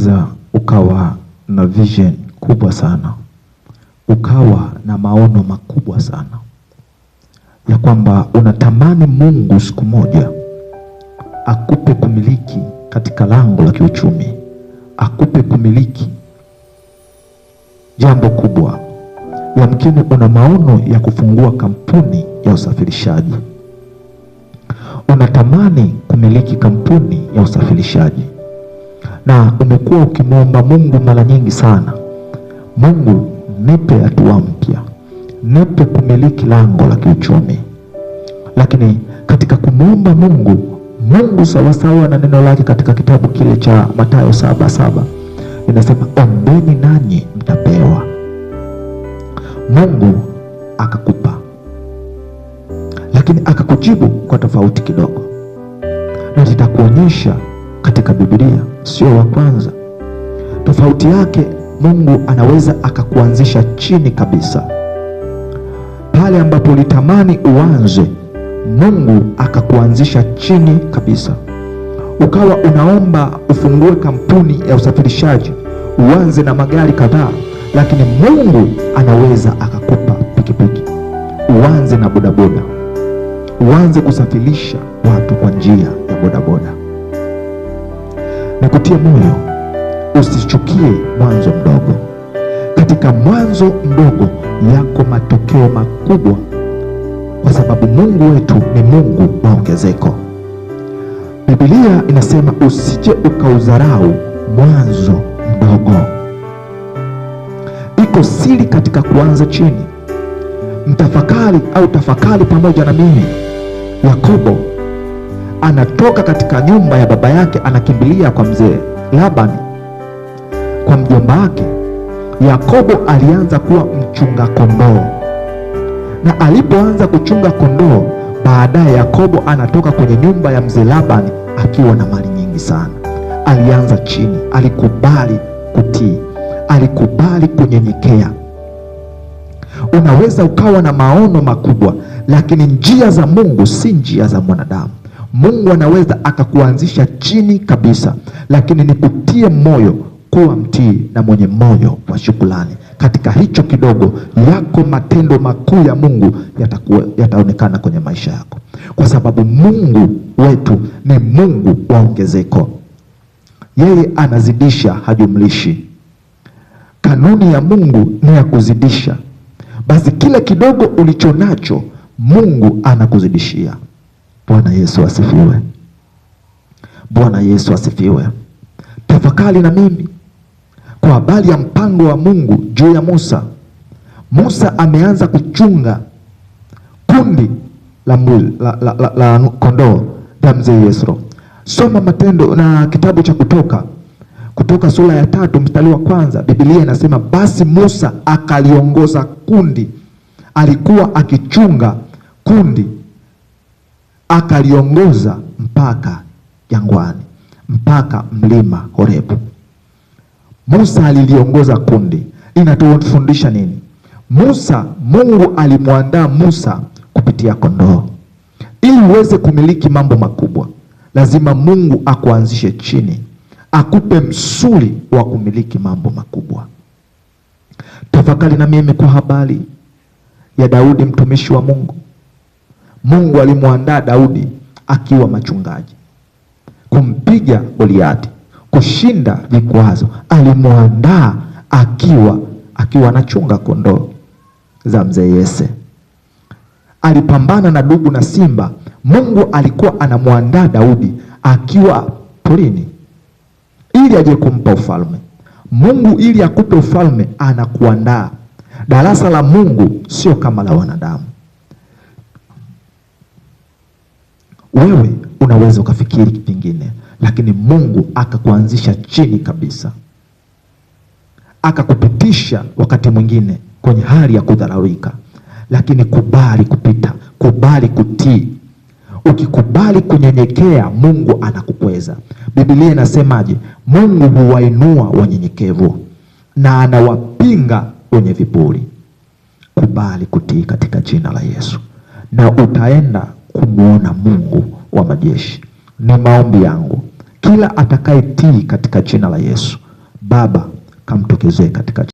unaweza ukawa na vision kubwa sana, ukawa na maono makubwa sana ya kwamba unatamani Mungu siku moja akupe kumiliki katika lango la kiuchumi, akupe kumiliki jambo kubwa. Yamkini una maono ya kufungua kampuni ya usafirishaji, unatamani kumiliki kampuni ya usafirishaji na umekuwa ukimwomba Mungu mara nyingi sana, Mungu nipe hatua mpya, nipe kumiliki lango la kiuchumi. Lakini katika kumwomba Mungu, Mungu sawasawa na neno lake katika kitabu kile cha Mathayo saba saba inasema ombeni nanyi mtapewa. Mungu akakupa, lakini akakujibu kwa tofauti kidogo, na nitakuonyesha katika Biblia sio wa kwanza. Tofauti yake, Mungu anaweza akakuanzisha chini kabisa, pale ambapo ulitamani uanze, Mungu akakuanzisha chini kabisa, ukawa unaomba ufungue kampuni ya usafirishaji, uanze na magari kadhaa, lakini Mungu anaweza akakupa pikipiki, uanze na bodaboda, uanze kusafirisha watu kwa njia ya bodaboda na kutia moyo, usichukie mwanzo mdogo. Katika mwanzo mdogo yako matokeo makubwa, kwa sababu Mungu wetu ni Mungu wa ongezeko. Biblia inasema usije ukaudharau mwanzo mdogo. Iko siri katika kuanza chini. Mtafakari au tafakari pamoja na mimi Yakobo anatoka katika nyumba ya baba yake anakimbilia kwa mzee Labani, kwa mjomba wake. Yakobo alianza kuwa mchunga kondoo, na alipoanza kuchunga kondoo, baadaye Yakobo anatoka kwenye nyumba ya mzee Labani akiwa na mali nyingi sana. Alianza chini, alikubali kutii, alikubali kunyenyekea. Unaweza ukawa na maono makubwa, lakini njia za Mungu si njia za mwanadamu. Mungu anaweza akakuanzisha chini kabisa, lakini ni kutie moyo kuwa mtii na mwenye moyo wa shukrani. Katika hicho kidogo, yako matendo makuu ya Mungu yatakuwa yataonekana kwenye maisha yako, kwa sababu Mungu wetu ni Mungu wa ongezeko. Yeye anazidisha, hajumlishi. Kanuni ya Mungu ni ya kuzidisha. Basi kila kidogo ulichonacho Mungu anakuzidishia. Bwana Yesu asifiwe. Bwana Yesu asifiwe. Tafakari na mimi kwa habari ya mpango wa Mungu juu ya Musa. Musa ameanza kuchunga kundi la, la, la, la, la kondoo la mzee Yesro. Soma Matendo na kitabu cha Kutoka, Kutoka sura ya tatu mstari wa kwanza. Biblia inasema basi Musa akaliongoza kundi, alikuwa akichunga kundi akaliongoza mpaka jangwani, mpaka mlima Horebu. Musa aliliongoza kundi. Inatufundisha nini? Musa, Mungu alimwandaa Musa kupitia kondoo. Ili uweze kumiliki mambo makubwa, lazima Mungu akuanzishe chini, akupe msuli wa kumiliki mambo makubwa. Tafakari na mimi kwa habari ya Daudi mtumishi wa Mungu. Mungu alimwandaa Daudi akiwa machungaji kumpiga Goliati, kushinda vikwazo. Alimwandaa akiwa akiwa anachunga kondoo za mzee Yese, alipambana na dubu na simba. Mungu alikuwa anamwandaa Daudi akiwa porini ili aje kumpa ufalme. Mungu ili akupe ufalme anakuandaa. Darasa la Mungu sio kama la wanadamu. Wewe unaweza ukafikiri kingine, lakini Mungu akakuanzisha chini kabisa, akakupitisha wakati mwingine kwenye hali ya kudharaulika, lakini kubali kupita, kubali kutii. Ukikubali kunyenyekea, Mungu anakukweza. Biblia inasemaje? Mungu huwainua wanyenyekevu na anawapinga wenye viburi. Kubali kutii katika jina la Yesu na utaenda kumwona Mungu wa majeshi. Ni maombi yangu kila atakayetii katika jina la Yesu, Baba kamtokezee katika